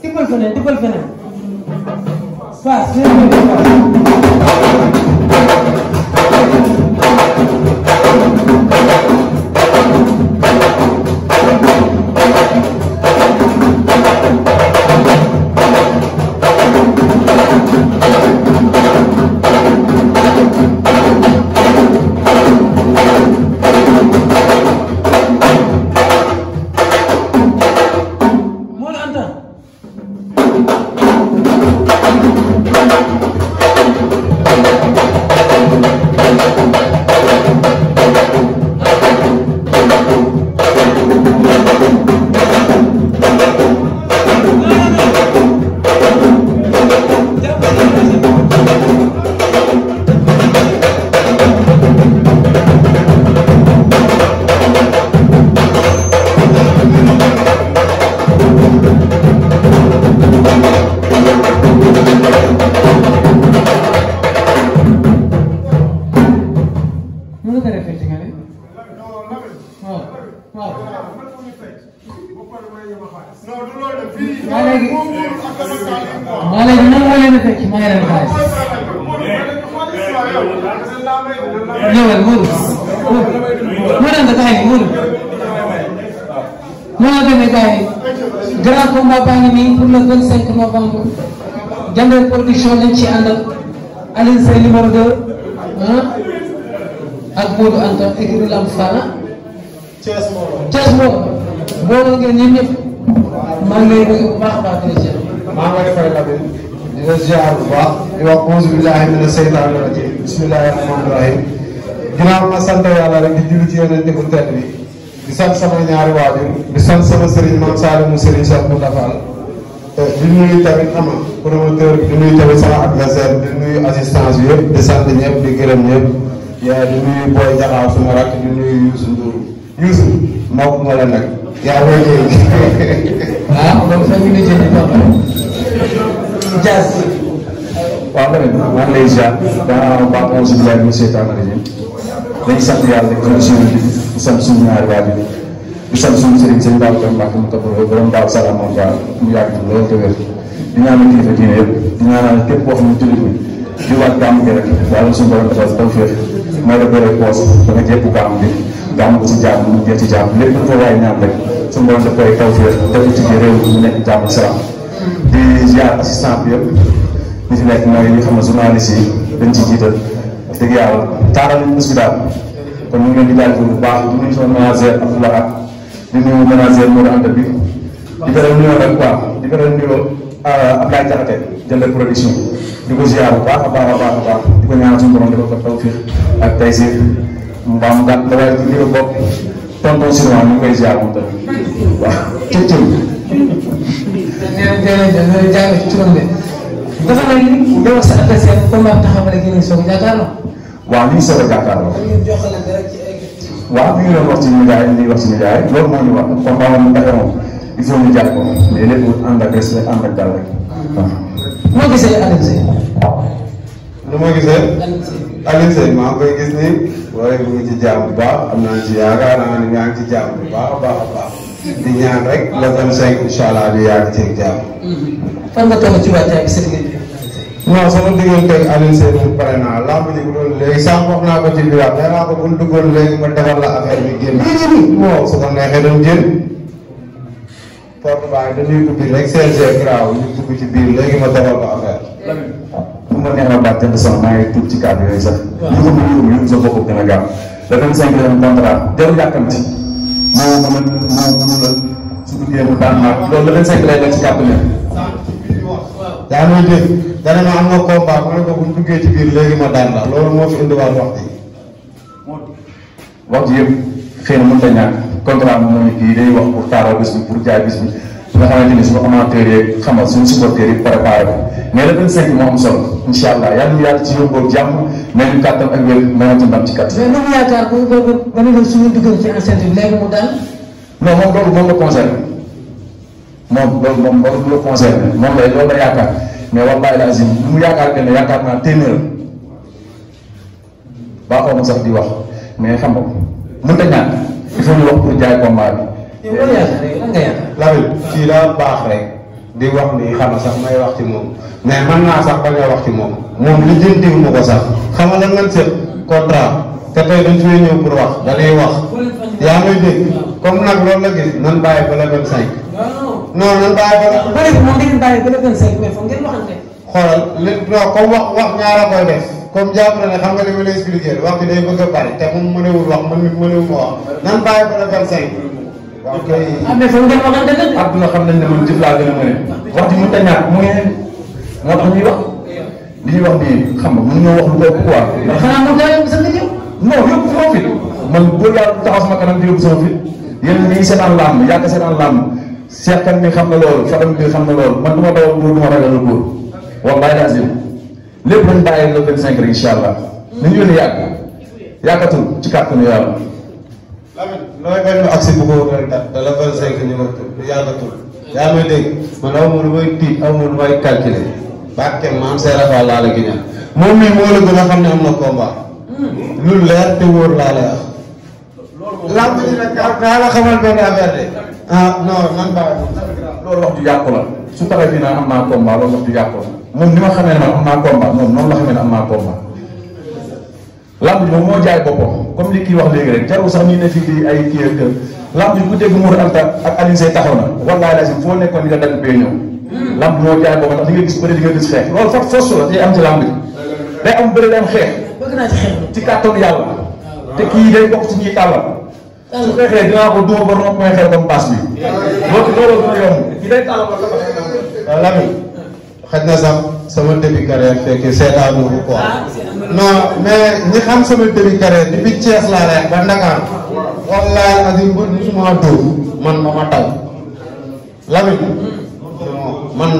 tippal feneen tippal feneen waaw maa léegi maa léegi nan moo leen fekk maa leen xaalis ñëwal Modou Modou Anta kaay bi Modou Modou Anta mi kaay bi grand combat baa ngi nii pour le 25 novembre Jambel production lañ ci àndal Alioune Seye numéro 2 ak Modou Anta équipe lamb Fana Thiès Moro Thiès Moro booloo ngeen ñëpp maa ngi lay baax a baax di la ziar. maa ngi lay fay Lamine di la ziar bismillaahi rahmaani rahiim. ginnaaw ma sant yàlla rek di julli ci yeneen dëkku tedd bi di sant sama ñaari waajur di sant sama sëriñ maam Saloum sëriñ Cheikh Mounda Fall di nuyu tamit xam promoteur di nuyu tamit sama adversaire di nuyu assistance bi yëpp di di gërëm ñëpp yaa di nuyu Boy Jaxaaw rakk di nuyu Youssou Ndour Youssou mbokk ma la nag yaa ngi koy waaw donc cinq minutes yi dañ waaw man maa ngi lay ziar daanaka baax na aussi ziar bi seetaan nañu dañ sant yàlla di ko suñu di sant suñu ñaari waa bi di sant suñu sëriñ sëriñ Ba Kër Mbacke mu topp borom Daal Salaam moom daal mu yàgg lool te wér di ñaanal kilifa diine yëpp di ñaanal képp koo xam ne jullit bi di waat gàmm gi rek yàlla suñu borom defal tawfeex may la bëre poos ba nga jëpp gàmm bi gàmm ko ci jàmm mu jël ci jàmm lépp lu fa waay ñaan rek suñu borom daf koy tawféer def ci biir réew mi nekk jàmm salaam di ziar assistant bi yëpp ñu fi nekk mooy xam ne journaliste yi dañ ci jiital dëgg yàlla taaral nañu di jaajëfal bu si mbaam gàtt koy ziar moom cëccëg. nee nañ ci turam de dafa mel ni yow sa adversaire combat taxaw rek yéen a soog a jàkkaarloo. waaw ñu ngi soog a jàkkaarloo. waaw ñu ngi doon wax ci média yi ñu wax ci média yi loolu moo ñu wax combat moom dafa moom il faut ñu jàpp ko mais lépp ànd ak respect ànd ak dal rek. moo gisee Alioune Seye. lu ma gisee. Alioune Seye maa ngi koy gis nii. waaye mu ngi ci jàmm bu baax am naa ci yaakaar naa ne maa ngi ci jàmm bu baax a baax a baax. di ñaan rek le vingt cinq incha allah di yàgg ci jàmm. fan nga toll pare naa làmb ji bu doon léegi sànq naa ko ci biir wax naa ko bu ñu duggoon léegi ma defal la affaire bi génn. bon su ko neexee doon génn. porte baa ngi dañuy ubbi rek CNG graw ñu dugg ci biir léegi ma defal ko affaire. bu ma neexee baat jënd sax maa ngi tudd ci kàddu yooyu ko mën a yóbbu ñu sa bopp gën a gaaw. le vingt moo mën a moo mën a su duggee mu daan naan loolu la vingt-cinq lay nekk ci kàpp ne yaa ngi dégg dana ma am nga combat mu ne ko bu ñu duggee ci biir léegi ma daan la loolu moo fi indiwaat wax ji wax ji yëpp xëy na mënut a ñàkk contrat bi mooy kii day wax pour taaroo bis bi pour jaay bis bi nga xamante ni suñu amateurs yeeg xam nga suñu supporters yi préparé ko mais le 25 moo am solo incha allah yal na yàlla ci yóbbu jàmm mais ñu kàttan ak wér mais ci ndam ci kàttan. mais loolu yaakaar ko boobu ba ñu doon suñu diggante ci enceinte bi léegi mu daal. non moom loolu moom la concerné moom loolu moom loolu la concerné moom la loolu la yaakaar mais wallaahi lazim bu mu yaakaar benn yaakaar naa téeméer baa xaw ma sax di wax mais xam nga mënut a ñaan il faut ñu wax pour jaay combat bi. yow loolu yaakaar rek lan nga yaakaar. laa fii daa baax rek. di wax ni xam sax may wax ci moom mais mën naa sax ba nga wax ci moom moom li jëntiw ma ko sax xam a lan sëg contrat te tey dañ fee ñëw pour wax da wax yaa ngay dégg comme nag loolu la gis nan bàyyi ba la vingt cinq nan bàyyi ba la ngeen bàyyi li non comme wax wax ñaar a koy def comme jàpp na ne xam nga li ma lay expliquer wax bi day bëgg a bari te moom mënewul wax man mënewul ma wax nan bàyyi ba la vingt waaw kay. ah mais foofu ngeen waxante ne. àdduna xam nañ ne man jëf laa gën a mën a. wax ji mënut a ñàkk mu ngi moo tax ñuy wax li ñuy wax nii xam nga mënuñoo wax lu ëpp quoi. ndax xanaa moom daa yóbbu sa nga ñëw. non yóbbu sama fit man bu yàlla taxaw sama kanam di yóbbu sama fit yéen ñii seetaan làmb yàgg seetaan làmb seetaan mi xam na loolu fadam bi xam na loolu man du ma dawal góor du ma ragal góor wallaay daa sim lépp dañ bàyyi le 25 rek incha allah nañu yónni yàgg yàggatul ci kàttanu yàlla nooy bañ ma agsi bu ko woon rek dal dala vingt cinq ñu ma yàggatul yaa may dégg man aw ma lu may tiit aw ma lu may calculer barke maam Seera Fall laa la giñaan moom mii moo la gën a xam ne am na combat hmm. lu leer te wóor laa lay wax lamb ji nag daa la xamal benn affaire de ah non man baax loolu wax ju yàqu la su taxee fii naan am naa combat loolu wax ju yàqu la moom ni ma xamee ne man am naa combat moom noonu la xamee ne am naa combat lamb ji moom moo jaay boppam comme li kii wax léegi rek jarul sax ñuy ne fii di ay kii ak kër lamb bi ku dégg Mourou Anta ak Alioune Seye taxaw na wallaahi lazim foo nekkoon di nga dagg bee ñëw. lamb moo jaay boobu li nga gis bëri li nga gis xeex loolu foofu foofu la te am ci lamb bi day am bëri day am xeex. ci xeex yàlla. te kii day bokk ci ñuy tàllal. su fekkee dinaa ko duma ba romb may xeex comme paas bi. loolu loolu dina yomb kii day tàllal ba xëy na sax sama début fekk seetaanu ko quoi non mais ñi xam sama début carrière depuis Thiès laa lay ba Ndakaar wallaahi asim bu suma dóor man ma ma taw Lamine man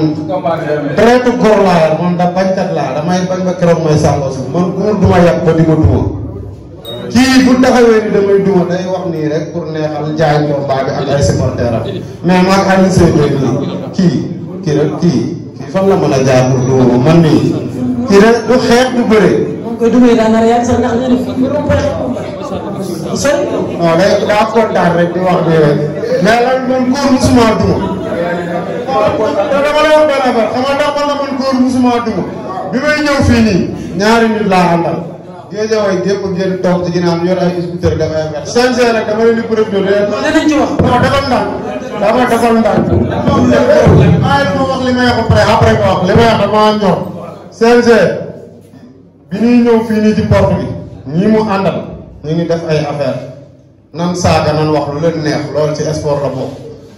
traite góor laa man da bañkat laa damay bañ ba keroog may sàngoo man góor duma yàq ba di ma duma kii bu taxawee ni damay duma day wax nii rek pour neexal jaay combat bi ak ay supporteram mais maag Alioune Seye kii kii rek kii fan la mën a jaar pour du man nii. ci ren du xeex du bëree. moom kay du muy daan nar yàgg sax ndax ñu ne bu sori. non day daa kontaan rek di wax bi rek. mais lan man góor musuma duma. te dama lay wax benn affaire xam nga ndax man la man góor musuma duma. bi may ñëw fii nii. ñaari nit laa àndal. géej waay gépp ngeen toog ci ginnaaw yor ay scooter dafay affaire. sincère rek dama di profité. danañ ci wax. non defal dama defal ndànk. maa ngi wax li may wax après li may wax damaa ñor. CNG bi ñuy ñëw fii nii ci porte bi ñi mu àndal ñu ngi def ay affaire nan saaga nan wax lu leen neex loolu ci sport la bokk.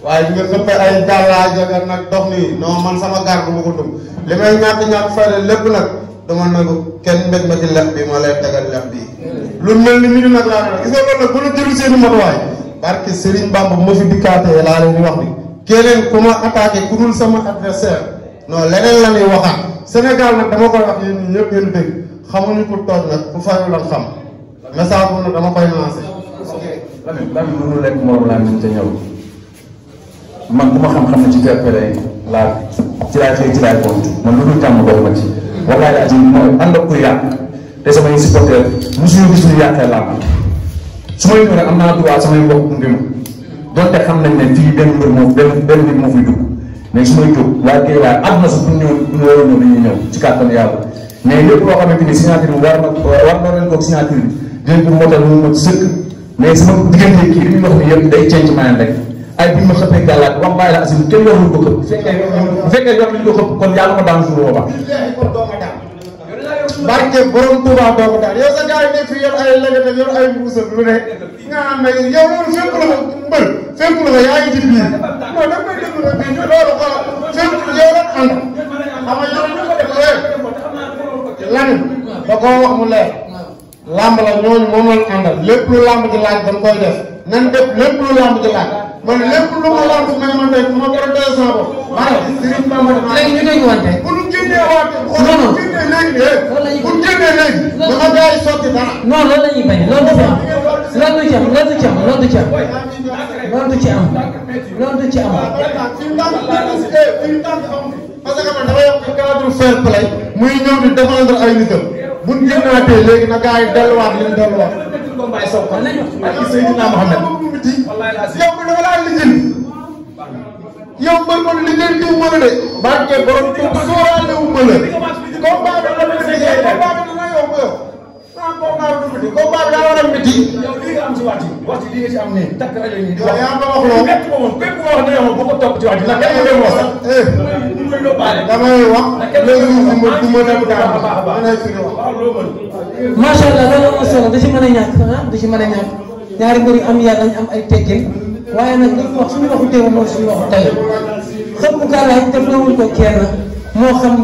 waaye ñu ngi nëppe ay gàllaaj ak nag dox nii non man sama gaar bu ma ko dum li may ñàkk ñàkk fayda lépp nag dama nangu kenn mbéj ma ci lex bi ma lay tegal lex bi. lu mel ni mi ngi nag laa gis bu la jëlu seeni matuwaay. barke Serigne Bamba bu ma fi dikkaatee laa leen di wax ni keneen ku ma attaqué ku dul sama adversaire non leneen la ñuy waxaat Sénégal nag dama koy wax yéen ñëpp ngeen dégg xamuñu ku toog nag bu fayu lan xam message boobu nag dama koy lancé. Lamine Lamine mënul nekk ma xam-xam ne ci jàppale laa ci laay xëy ci laay kontu man lu dul jàmm dox ma ci. wallaay laa ci mooy ànd ak kuy yàq te samay supporters mosu ñu gis ñu yàqee laa su may ñëw nag am naa droit samay mbokk gunge ma donte xam nañ ne fii benn mbir moo benn benn nit moo fiy dugg su may jóg waaye kay waaye àdduna su bu ni war na war na leen ko signature bi dinañ ko motal mu mot sëkk mais sama diggante kii li ñu wax ni yëpp day ceeñ ci maanaam rek ay ma xëppee gàllaat wax bàyyi barke borom Touba doo ko daal yow sa gars yi nekk fi yor ay lëkkate yor ay mbuusa lu ne nga xam ne yow loolu fépp la ko mbër fépp la ko yaa ngi ci biir non da koy déglu nag bii loolu xoolal fépp yow lan ànd xam nga yow lan da koo wax mu leer làmb la ñooñu moom lañ àndal lépp lu làmb di laaj dañ koy def nan def lépp lu làmb di laaj man lépp lu ma làmb may ma tey ma protéger sama bopp. waaw Serigne Bamba léegi ñu dégg wante. bu ñu génnee waat. non non léegi de bu génnee léegi. dama gars yi sotti dara. non loolu la ñuy bañ loolu du ci am loolu du ci am loolu du ci am loolu du ci am loolu du ci am. parce que man dafa yokk cadre fair play muy ñëw di défendre ay nitam bu ñu génnaatee léegi na gars yi delluwaat li ñu delluwaat. ak Seydina Mohamed yow dama laa lijjil yow mbër ma li ngeen a ma la combat bi dana métti yow combat bi dana yow nga sans a métti li nga am si waat yi waat yi li nga si am ne takk rajo yi di wax yaa ma wax loolu képp ko moom képp eh, eh. ma du ma dem allah loolu am na solo da a ñàkk ah, da si mën a ñàkk ñaari mbir am yàlla ñu am ay teggin waaye nag li mu wax suñu waxu teew mooy suñu waxu tey xëpp gàllaaj def na wuñ ko moo xam.